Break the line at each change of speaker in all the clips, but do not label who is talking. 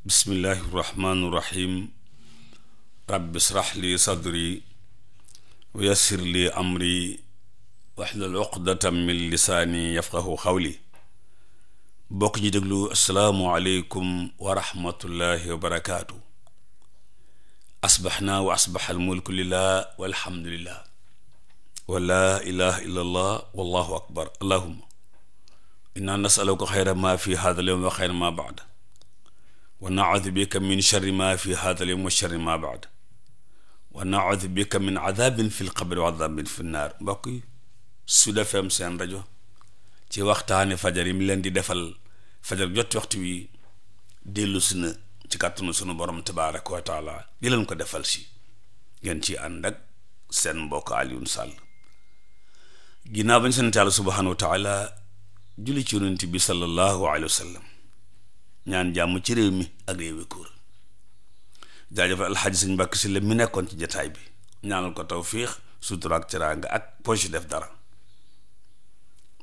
bismillahi irrahmaani irrahim rabbi israh li sadri wa yassir li amri waxlal uqdatam min lisaani yafqahu xawli bokk ñi déglu asalaamu aleykum wa rahmatullahi wa barakaatu asbaxnaa wa asbaxal mulku lillah walhamdulillah wa laa ilaha illa allah wallahu akbar allahuma inna nasaluka xayra ma fi hada al yawm wa xayra ma baada wa naudu bika min sharri ma fi haadal yawm wa sharri ma baad wa naudu bika min adabin fi lqabri wa adabin fi nnaar mbokk yi Sud FM seen rajo ci waxtaani fajar yi mu leen di defal fajar jot waxtu wi dellu si na ci kàttanu sunu borom tabaaraka wa taala di leen ko defal si ngeen ci ànd ak seen mbokk Alioune Sall ginnaaw bañ sant Yàlla subhaanahu wa taala julli ci yonent bi sallallahu alayhi wa sallam ñaan jàmm ci réew mi ak réew yi kuur jaajëfal alxaaji sëñ mbàkk si la mi nekkoon ci jataay bi ñaanal ko tawfiix sutura ak teraanga ak poche def dara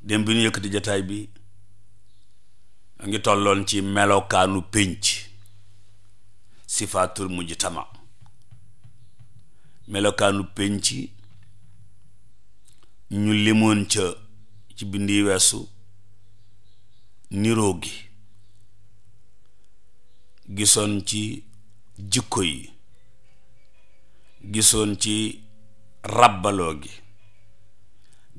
dem bi ñu yëkkati jataay bi ngi tolloon ci melokaanu pénc sifaatul tama melokaanu pénc ñu limoon ca ci bindi weesu niroo gi gisoon ci jikko yi gisoon ci ràbbaloo gi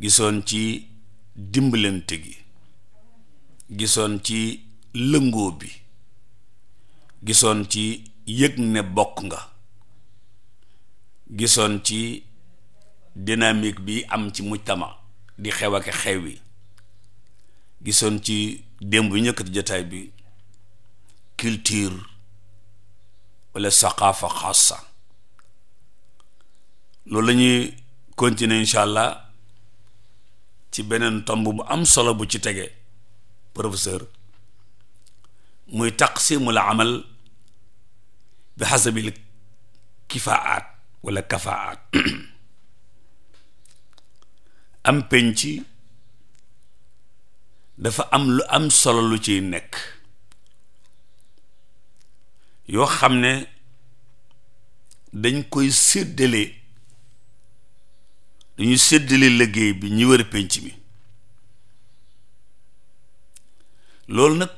gisoon ci dimbalante gi gisoon ci lëngoo bi gisoon ci yëg ne bokk nga gisoon ci dinamik bi am ci mujtama di xew ak xew wi gisoon ci démb ñëkkati jataay bi culture walla saqaafa xaasa loolu la ñuy continuer incha allah ci beneen tomb bu am solo bu ci tege professeur muy taqsimul amal bi xasabil kifaat wala kafaat am penc dafa am lu am solo lu ciy nekk yoo xam ne dañ koy séddale dañuy séddale liggéey bi ñi wër pénc mi loolu nag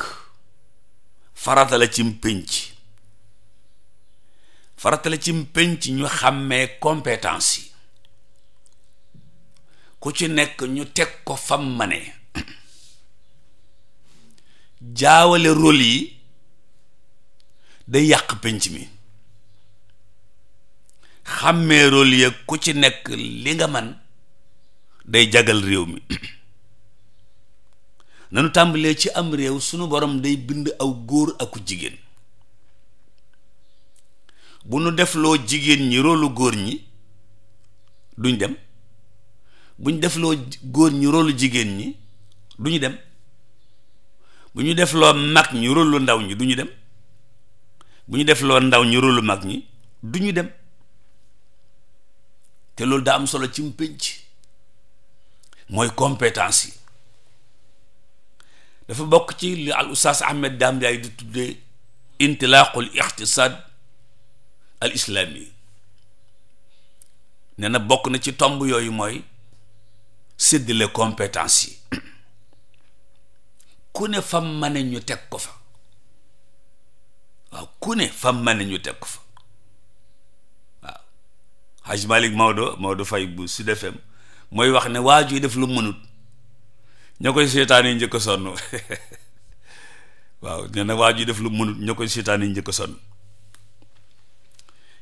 farata cim pénc farata cim pénc ñu xàmmee compétence yi ku ci nekk ñu teg ko fam ma ne jaawale rôle yi day yàq penc mi xàmmee rôle ya ku ci nekk li nga man day jagal réew mi nanu tàmbalee ci am réew sunu borom day bind aw góor aku jigéen bu nu defloo jigéen ñi rôlu góor ñi duñ dem bu defloo góor ñi rôlu jigéen ñi duñu dem bu ñu defloo mag ñi rôlu ndaw ñi duñu dem bu ñu def loo ndaw ñu rôlu mag ñi du ñu dem te loolu daa am solo ci mu pénc mooy compétence yi dafa bokk ci li al ustaas ahmed daam yaay di tuddee intilaaqul iqtisaad al islaami nee na bokk na ci tomb yooyu mooy séddale compétence yi ku ne fam ma ne ñu teg ko fa ku ne fam mën ñu teg ko fa waaw Haj Malik Maodo Maodo Faye bu Sud FM mooy wax ne waa juy def lu mënut ñoo koy seetaan yi njëkk sonn waa juy def lu mënut ñoo koy seetaan yi njëkk sonn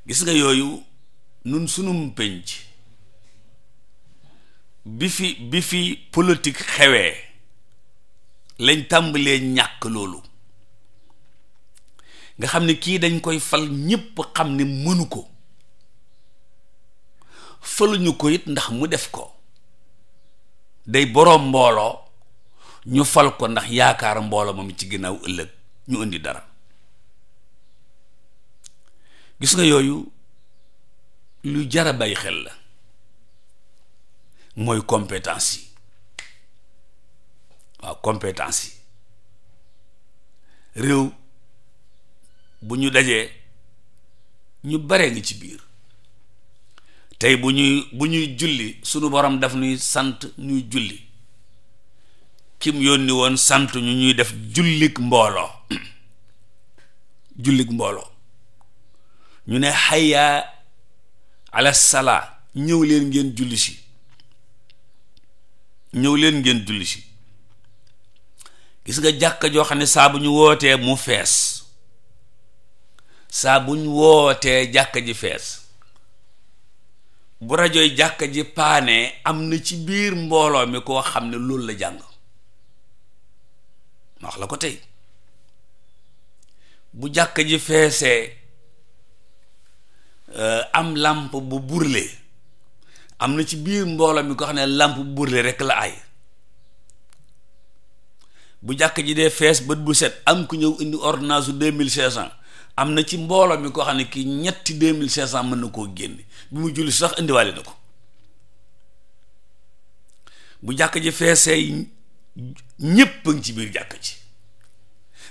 gis nga yooyu nun sunum penc bi fi bi fi politique xewee lañ tàmbalee ñàkk loolu nga xam ne kii dañ koy fal ñépp xam ne mënu ko faluñu ko it ndax mu def ko day boroom mbooloo ñu fal ko ndax yaakaar mbooloo moom ci ginnaaw ëllëg ñu indi dara gis nga yooyu lu jara bàyyi xel la mooy compétence yi waaw compétence yi réew bu ñu dajee ñu bare ngi ci biir tey bu ñuy bu ñuy julli sunu borom daf ñuy sant ñuy julli kim yónni woon sant ñu ñuy def jullik mbooloo jullik mbooloo ñu ne hayya ala salaa ñëw leen ngeen julli si ñëw leen ngeen julli si gis nga jàkka joo xam ne saa bu ñu wootee mu fees saa buñ wootee jàkka ji fees bu rajoy jàkka ji paane am na ci biir mbooloo mi koo xam ne loolu la jàng ma wax la ko tey bu jàkka ji feesee euh, am làmp bu burle am na ci biir mbooloo mi ko xam ne làmp bu burle rekk la ay bu jàkka ji dee fees bët bu set am ku ñëw indi ordonnance su deux mille cinq cents am na ci mbooloo mi koo xam ne kii ñetti deux mille cinq mën na koo génne bi mu julli sax indiwaale na ko bu jàkk ji feesee ñépp a ci biir jàkk ji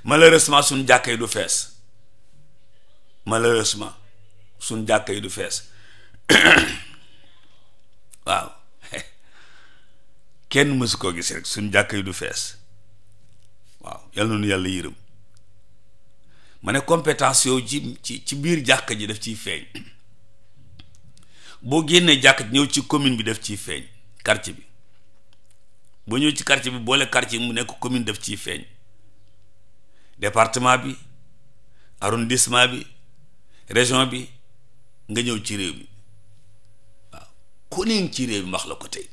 malheureusement suñ jàkk yi du fees malheureusement suñ jàkk du fees waaw kenn mësu koo gis rek suñ jàkk yi du fees waaw yal na yàlla yërëm ma ne compétence yow ci ci ci biir jàkk ji daf ciy feeñ boo génnee jàkk ji ñëw ci commune bi def ciy feeñ quartier bi boo ñëw ci quartier bi boole quartier mu nekk commune def ciy feeñ département bi arrondissement bi région bi nga ñëw ci réew mi waaw ku ne ci réew mi wax la ko tey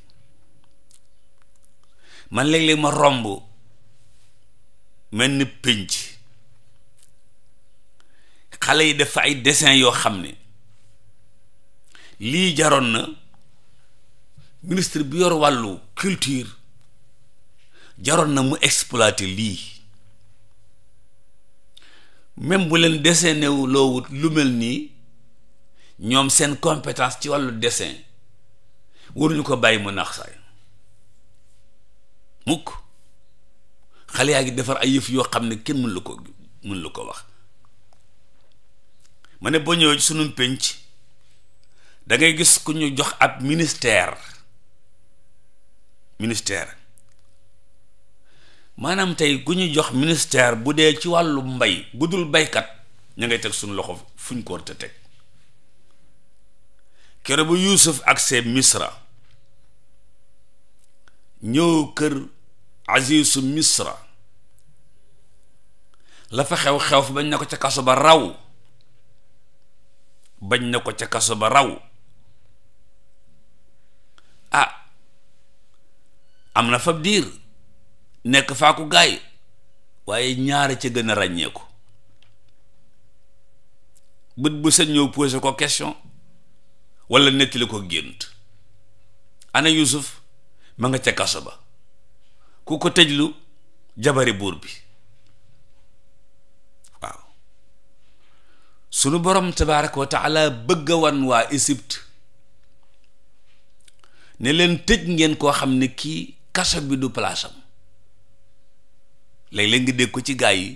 man léeg-léeg ma romb mel ni pénc xale yi def ay dessin yoo xam ne lii jaroon na ministre bi yor wàllu culture jaroon na mu exploiter lii même bu leen dessiné wu loowut lu mel nii ñoom seen compétence ci wàllu dessin waruñu ko bàyyi mu naax saay mukk xale yaa ngi defar ay yëf yoo xam ne kenn mën la ko mën la ko wax ma ne boo ñëwee sunum pénc da ngay gis ku ñu jox ak ministère ministère maanaam tey ku ñu jox ministère bu dee ci wàllu mbay bu dul baykat ñu ngay teg suñu loxo fuñ ko war teg kere bu yuusuf ak see misra ñëw kër azizu misra la fa xew xew fi bañ na ko ca kaso ba raw bañ na ko ca kaso ba raw a ah, am na fab diir nekk faa ku gaay waaye ñaar ca gën a ràññeeku bët bu sëñ ñëw posé ko question wala nettali ko gént ana Yuusuf ma nga ca kaso ba ku ko tëjlu jabari buur bi sunu borom tabaaraka wa taala bëgg a wan waa Égypte ne leen tëj ngeen koo xam ne kii kaso bi du palaasam léeg-léeg nga dégg ko ci gaa yi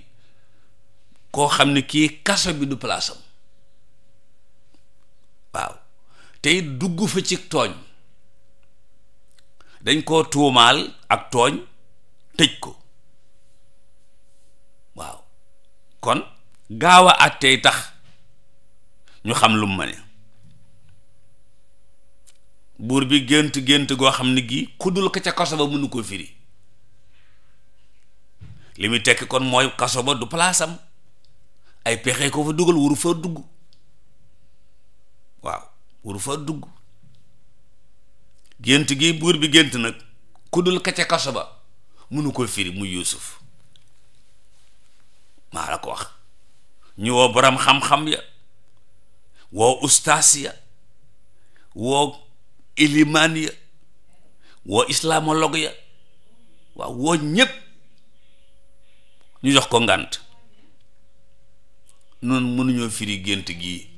koo xam ne kii kaso bi du palaasam waaw tey dugg fa ci tooñ dañ koo tuumaal ak tooñ tëj ko waaw kon gaaw a àttee tax ñu xam lu mu ma ne buur bi gént gént goo xam ne gii kudul dul ko ca kaso ba mënu ko firi li muy tekki kon mooy kaso ba du palaasam ay pexe ko fa dugal wuru fa dugg waaw wuru fa dugg gént gi buur bi gént nag kudul dul ka ca kaso ba mënu ko firi mu yuusuf maa la ko wax ñu woo borom xam-xam ya woo ustaas ya woo ilimaan ya woo islamologue ya waaw woo ñépp ñu jox ko ngànt noonu mënuñoo firi gént gii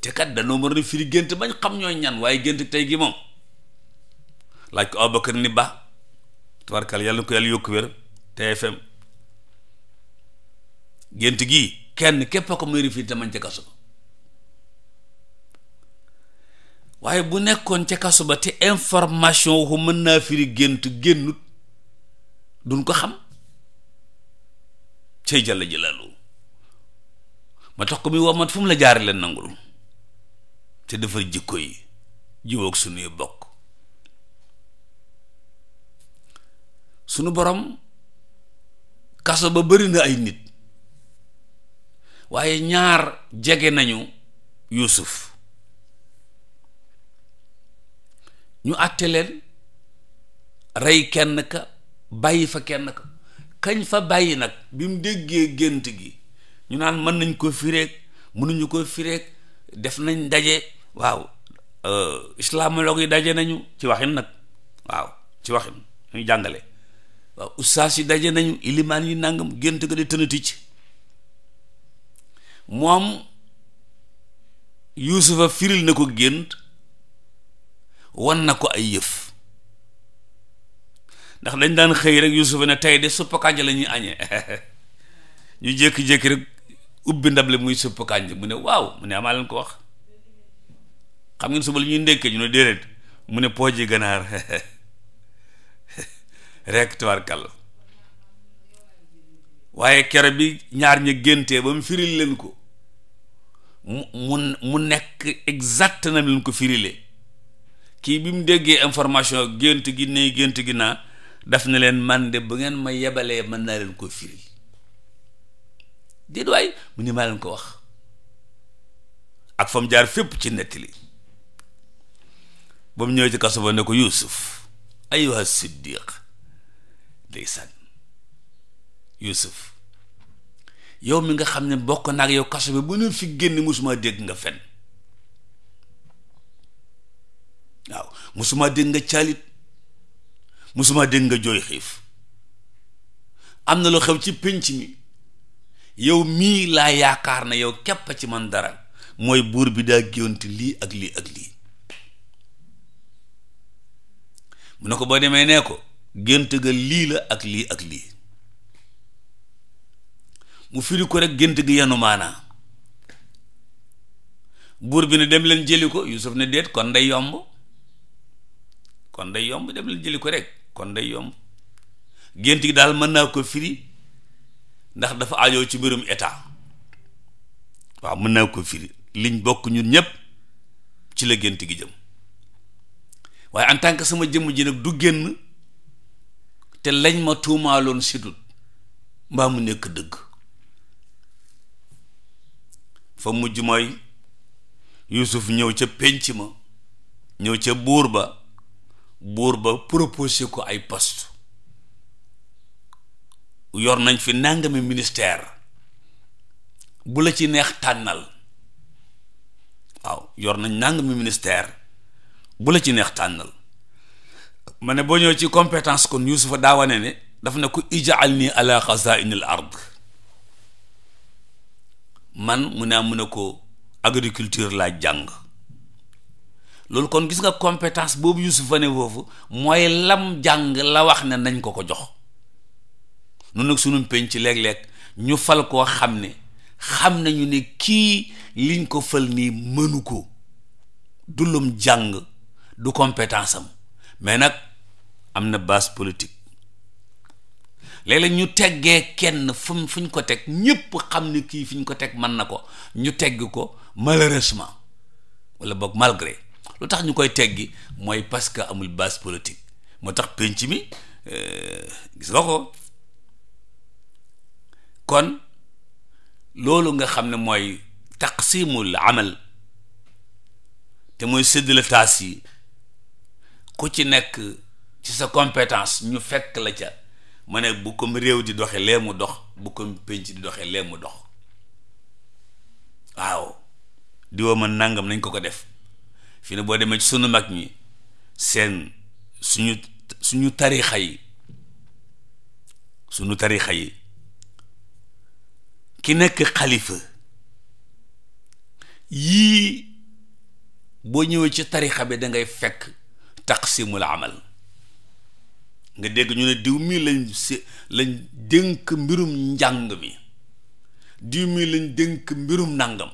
te kat danoo mën a firi gént bañ xam ñooy ñan waaye gént tey gi moom laaj ko Abubakar ni ba tabarkal yàlla na ko yàlla yokku wér TFM gént gii kenn képp a ko muy firi te mañ ca kaso waaye bu nekkoon ca kaso ba te information waxu mën naa firi gént génnut duñ ko xam cey jàlla jëlalu ma tax ko muy wamat fu mu la jaari leen nangul te defar jikko yi jiwoog suñuy bokk sunu boroom kaso ba bari na ay nit waaye ñaar jege nañu Yuusuf ñu àtte rey kenn ka bàyyi fa kenn ka kañ fa bàyyi nag bi mu déggee gént gi ñu naan mën nañ ko fireek mënuñu ko fireek def nañ daje waaw euh, islamologue yi daje nañu ci waxin nag waaw ci waxin ñuy jàngale waaw yi daje nañu ilimaan yi nangam gént ko di tënati ci moom yuusufa firil na ko gént wan na ko ay yëf ndax dañ daan xëy rek Yuusuf ne tey de supp kànja la ñuy añee ñu jékki-jékki rek ubbi ndab li muy supp kànja mu ne waaw mu ne amaa leen ko wax xam ngeen suba li ñuy ndekkee ñu ne déedéet mu ne pooji ganaar rek tubaarkàlla waaye kere bi ñaar ña géntee ba mu firil leen ko mu mu nekk exact na leen ko firile kii bi mu déggee information gént gi ne gént gi naa def na leen man de bu ngeen ma yebalee mën naa leen ko firi déet waay mu ni maa leen ko wax ak fa mu jaar fépp ci nettali ba mu ñëwee ci kaso ba ne ko Yuusuf ayyuha siddiq ndeysaan Yuusuf yow mi nga xam ne bokk naa ak yow kaso bi bu ñu fi génn musuma dégg nga fen waaw musuma dégg nga caalit musuma dégg nga jooy xiif am na lu xew ci pénc mi yow mii laa yaakaar na yow képp ci man dara mooy buur bi daa lii ak lii ak lii mu ne ko boo demee nee ko gént lii la ak lii ak lii mu firi ko rek gént gi yenu maanaa buur bi ne dem leen jëli ko Yuusuf ne déet kon day yomb kon day yomb dem la jëli ko rek kon day yomb gént gi daal mën naa ko firi ndax dafa ajoo ci mbirum état waaw mën naa ko firi liñ bokk ñun ñëpp ci la gént gi jëm waaye en tant que sama jëmm ji nag du génn te lañ ma tuumaaloon sidut mbaa mu nekk dëgg fa mujj mooy yuusuf ñëw ca pénc ma ñëw ca buur ba buur ba proposé ko ay poste yor nañ fi nangami ministère bu la ci neex tànnal waaw yor nañ nangami ministère bu la ci neex tànnal ma ne boo ñëw ci compétence kon Yuusufa daa wane ne daf ne ko ijaal nii ala xazainil ard man mu ne am mu ne ko agriculture laa jàng loolu kon gis nga compétence boobu Yuusufa ne foofu mooy lam jàng la wax na nañ ko ko jox nun nag sunu penc léeg-léeg ñu fal koo xam ne xam nañu ne kii liñ ko fël nii mënu ko dulum jàng du compétence am mais nag am na base politique léeg-léeg ñu teggee kenn fu fuñ ko teg ñëpp xam ne kii fi ñu ko teg mën na ko ñu tegg ko malheureusement wala boog malgré lu tax ñu koy teggi mooy parce que amul base politique moo tax pénc mi euh, gis nga ko kon loolu nga xam ne mooy taqsimul amal te mooy séddale taas yi ku ci nekk ci sa compétence ñu fekk la ca ma ne bu comme réew di doxe lee mu dox bu comme penc di doxe lee mu dox waaw diwa ma nangam nañ ko ko def fii ne boo demee ci sunu mag ñi seen suñu suñu tarixa yi suñu tarixa yi ki nekk xalifa yii boo ñëwee ci tarixa bi dangay fekk fekk taqsimul amal nga dégg ñu ne diw mii lañ si lañ dénk mbirum njàng mi diw mii lañ dënk mbirum nàngam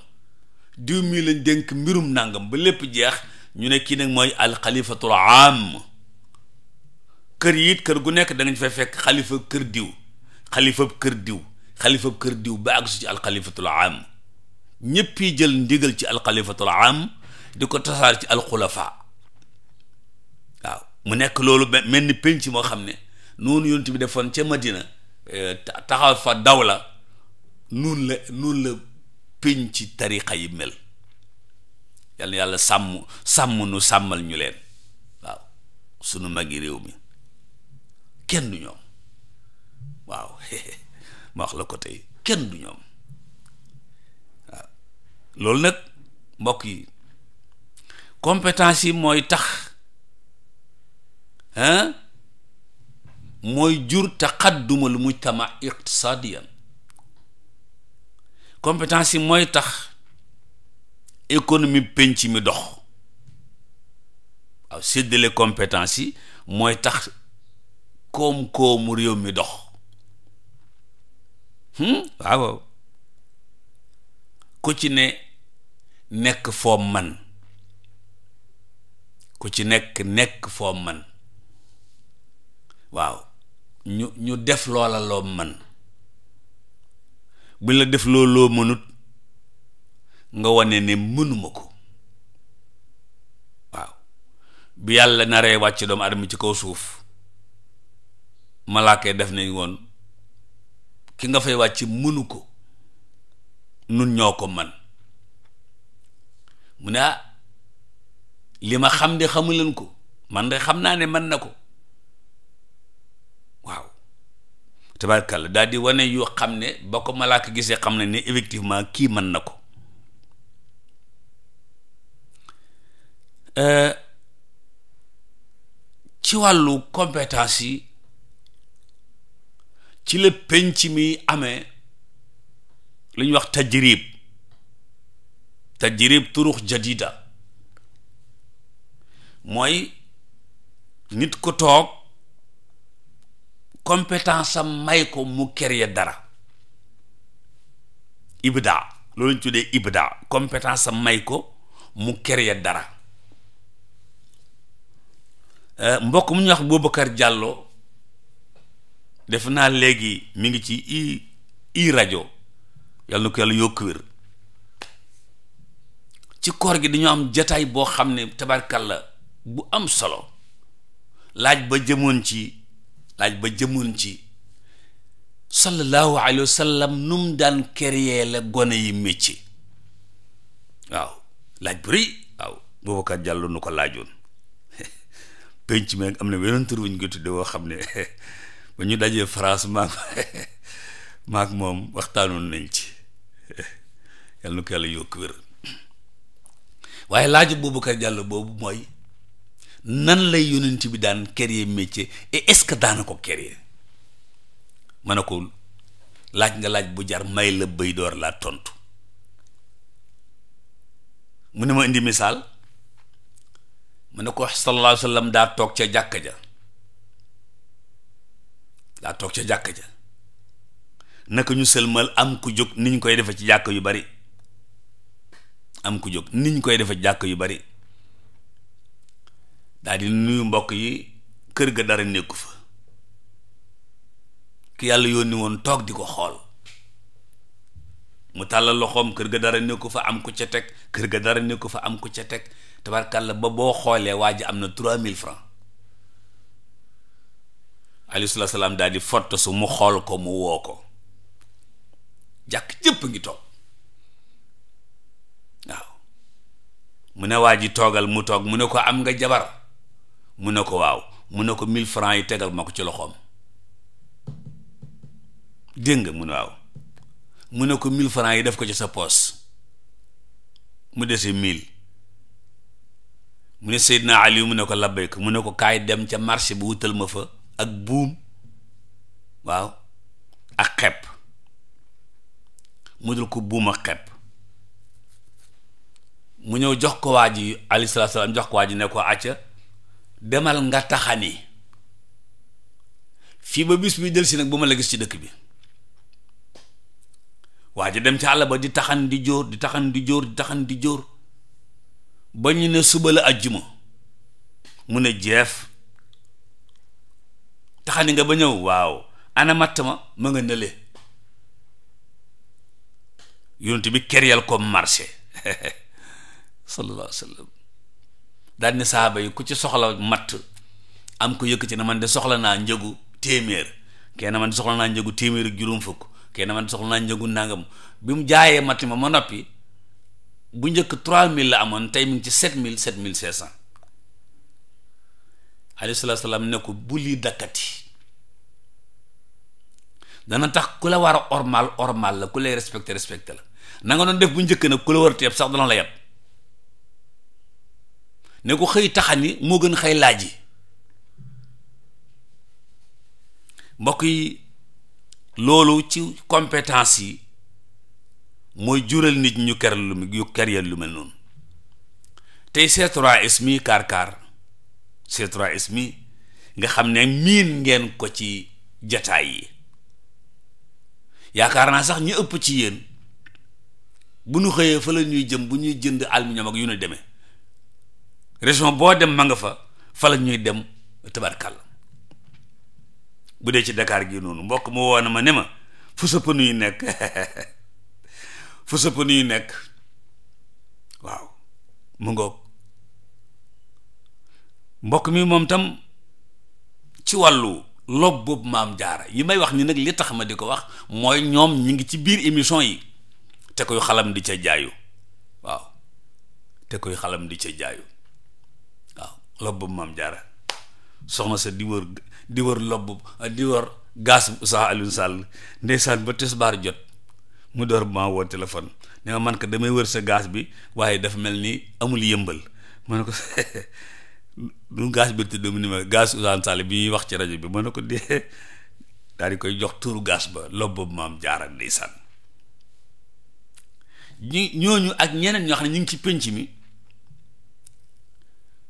diw mii lañ dénk mbirum nàngam ba lépp jeex ñu ne kii nag mooy alxalifatul am kër yi kër gu nekk da nga fay fekk xalifa kër diw xalifab kër kër diw ba àgg jël ndigal ci alxalifatul am di ko tasaar ci alxulafaa waaw mu nekk loolu mel ni penc moo xam ne noonu yonent bi defoon ca Madina eh, taxaw fa daw la noonu la noonu la pénc ci tariqa yi mel yal na yàlla sàmm sàmm nu sàmmal ñu leen waaw sunu magi réew mi kenn du ñoom waaw ma wax la ko tey kenn du ñoom waaw loolu nag mbokk yi compétence yi mooy tax mooy jur taqaddumul mujtama iqtisadiyan compétence yi mooy tax économie penc mi dox waaw séddale compétence yi mooy tax koom-koomu réew mi dox hmm? waaw ku ci ne nekk foo man ku ci nekk nekk foom man waaw ñu ñu def loola loo man bi la def loo loo mënut nga wane ne mënuma ko waaw bi yàlla naree wàcc doomu aadama ci kaw suuf malaaka def nañ woon ki nga fay wàcc mënu ko nun ñoo ko man mu ne ah li ma xam de xamuleen ko man de xam naa ne mën na ko tabarkalla daal di wane yu xam ne ba ko malaaka gisee xam na ne effectivement kii mën na ko euh, ci wàllu compétence yi ci la penc mi ame lu ñuy wax tajrib tajrib turux jadida mooy nit ko toog competence sa may ko mu créer dara ibda loolu ñu tuddee ibida compétence am may ko mu créer dara euh, mbokk mu ñuy wax Boubacar jàlloo def naa léegi mi ngi ci i i rajo yàlla na ko yàlla yokk wér ci koor gi dañoo am jataay boo xam ne tabarkalla bu am solo laaj ba jëmoon ci laaj ba jëmoon ci sallallahu alayhi wa sallam nu mu daan créer la gone yi métier waaw laaj bu rëy waaw Boubacar Diallo nu ko laajoon penc mi am na weneen tur bu ñu ko woo xam ne ba ñu dajee France maak maak moom waxtaanoon nañ ci yàlla na ko yàlla yokk wér waaye laaju Boubacar Diallo boobu mooy nan lay yonent bi daan créer métier et est-ce que daana ko créer ma ne ko laaj nga laaj bu jar may la bëy door laa tontu mu ne ma indi misaal mu ne ko sallallahu alayhi wa daa toog ca jàkka ja daa toog ca jàkka ja naka ñu sëlmal am ku jóg ni ñu koy defe ci jàkk yu bari am ku jóg ni ñu koy defe ci jàkk yu bari daal di nuyu mbokk yi kër ga dara nekku fa ki yàlla yónni woon toog di ko xool mu tàllal loxoom kër ga dara nekku fa am ku ca teg kër ga dara nekku fa am ku ca teg tabarkàlla ba boo xoolee waa ji am na trois mille francs alayhi salaatu salaam daal di fott su mu xool ko mu woo ko jàkk jëpp ngi toog waaw mu ne waa ji toogal mu toog mu ne ko am nga jabar mu ne ko waaw mu ne ko mille francs yi tegal ma ko ci loxoom dégg nga mu ne waaw mu ne ko mille francs yi def ko ci sa poos mu dese mille mu ne Seydina Ali mu ne ko labbay ko mu ne ko kaay dem ca marché bi wutal ma fa ak buum waaw ak xepp mu dul ko buum ak xepp mu ñëw jox ko waa ji alayhi salaam jox ko waa ji ne ko acca demal nga taxani fii ba bis bi delsi nag bu ma la gis ci dëkk bi waa ji dem ci àll ba di taxan di jóor di taxan di jóor taxan di jóor ba ñu ne suba la ajjuma mu ne jeef taxani nga ba ñëw waaw ana matt ma ma nga nële yonent bi keryal ko marché sallallahu alayhi daal saaba yi ku ci soxla matt am ko yëkkati na man de soxla naa njëgu téeméer kenn man de naa njëgu téeméer juróom fukk kenn man de naa njëgu nangam bi mu jaayee matt ma ma noppi bu njëkk trois mille la amoon tey mi mille sept mille cinq cent alayhi ne ko bu lii dana tax ku la war a ormal ormal la ku lay respecté respecte la na nga doon def bu njëkk nag ku la war a teeb sax dana la yab ne ko xëy taxani moo gën xëy laaj yi mbokk yi loolu ci compétence yi mooy jural nit ñu ker lu lu mel noonu tey C3S mi kaar-kaar 3 mi nga xam ne miin ngeen ko ci jataay yi yaakaar naa sax ñu ëpp ci yéen bu nu xëyee fa ñuy jëm bu ñuy jënd aluminium ak yu ne demee région boo dem ma nga fa fa ñuy dem tabarkàlla bu dee ci dakaar gi noonu mbokk mu woon ma ne ma fu sa yu nekk fu sa yu nekk waaw mu ngoog mbokk mi moom tam ci wàllu lob boobu maam jaara yi may wax ni nag li tax ma di ko wax mooy ñoom ñi ngi ci biir émission yi te koy xalam di ca jaayu waaw te koy xalam di ca jaayu lobb maam jaara soxna sa di wër di wër lobb di wër gaas sax Alioune ndeysaan ba tisbaar jot mu door bu ma woo téléphone ne ma man ko damay wër sa gaas bi waaye dafa mel ni amul yëmbal ma ne ko lu bi tudd mu ni ma gaas Alioune Sall bi ñuy wax ci rajo bi mën ne ko dee daal di koy jox tuuru gaas ba lobb maam jaara ndeysaan ñi ñooñu ak ñeneen ñoo xam ne ñu ngi ci pinc mi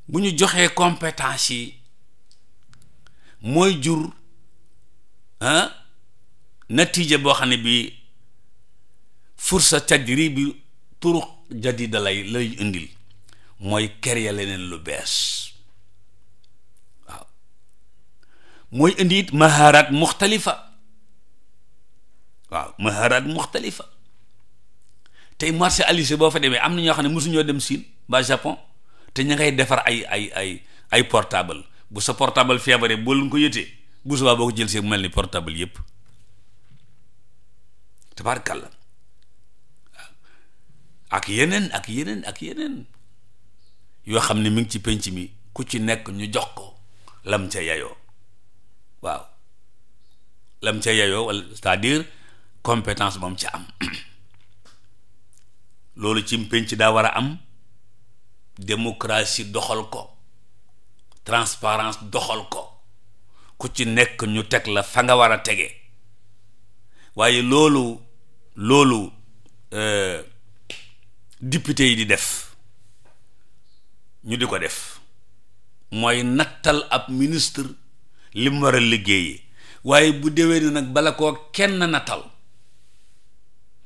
bu ñu joxee compétence yi mooy jur ah natiija boo xam ne bi fursa tajri bi turuq jadida lay lay indil mooy créer leneen lu bees waaw mooy indi it maharat muxtalifa waaw maharat muxtalifa tey marché alisé boo fa demee am na ñoo xam ne mosuñoo dem Chine ba Japon te ña ngay defar ay ay ay ay portable bu sa portable feebaree boo lu ko yëtee bu subaa ko jël see mu mel ni portable yépp tabaarkàlla ak yeneen ak yeneen ak yeneen yoo xam ne mi ngi ci pénc mi ku ci nekk ñu jox ko lam ca yayoo waaw lam ca yayoo wala cest à compétence moom ca am loolu ci pénc daa war a am démocratie doxal ko transparence doxal ko ku ci nekk ñu teg la fa nga war a tege waaye loolu loolu euh, député yi di def ñu di ko def mooy nattal ab ministre li war a liggéeyee waaye bu dewee ni nag bala koo kenn nattal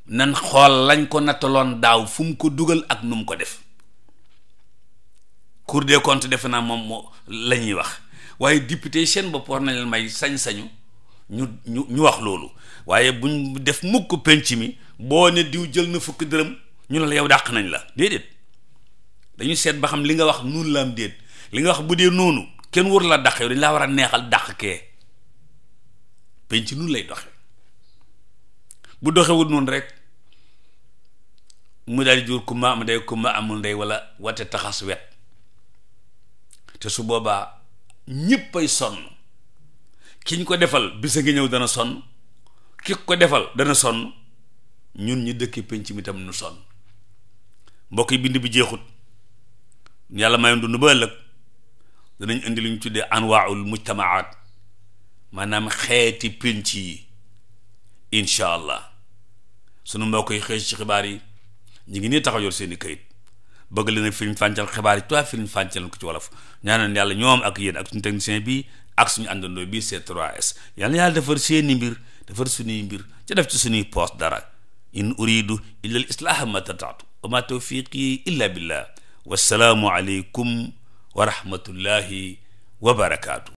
nan xool lañ ko nattaloon daaw fum ko dugal ak nu mu ko def cour de comptes defe naa moom moo la ñuy wax waaye député seen bopp war na leen may sañ-sañu ñu ñu ñu wax loolu waaye buñ def mukk penc mi boo ne diw jël na fukki dërëm ñu ne la yow dàq nañ la déedéet dañu seet ba xam li nga wax noonu la am déet li nga wax bu dee noonu kenn waru la dàq yow dañ laa war a neexal dàq kee penc noonu lay doxe bu doxewul noonu rek mu daal di jur kumba am ndey kumba amul ndey wala wate taxas wet te su boobaa ñéppay sonn kiñ ko defal bisa ngi ñëw dana sonn ki ko defal dana sonn ñun ñi dëkk penc mi tam nu sonn mbokk bind bi jeexut yàlla mayoon du nu ba ëllëg danañ indi lu ñu tuddee anwaaul mujtamaat maanaam xeeti penc yi incha allah sunu mbokk yi xëy ci xibaar yi ñu ngi nii taxaw yor seeni kayit bëgg leen a firiñ fàncal xibaar yi toi firiñ fàncal ko ci wolof ñaanal yàlla ñoom ak yéen ak suñu technicien bi ak suñu àndandoo bi C3S yàlla yàlla seen seeni mbir defar suñuy mbir ci def ci suñuy poos dara in uridu illa al islaaha ma tataatu wa ma tawfiqi illa billah wassalaamu aleykum wa rahmatullahi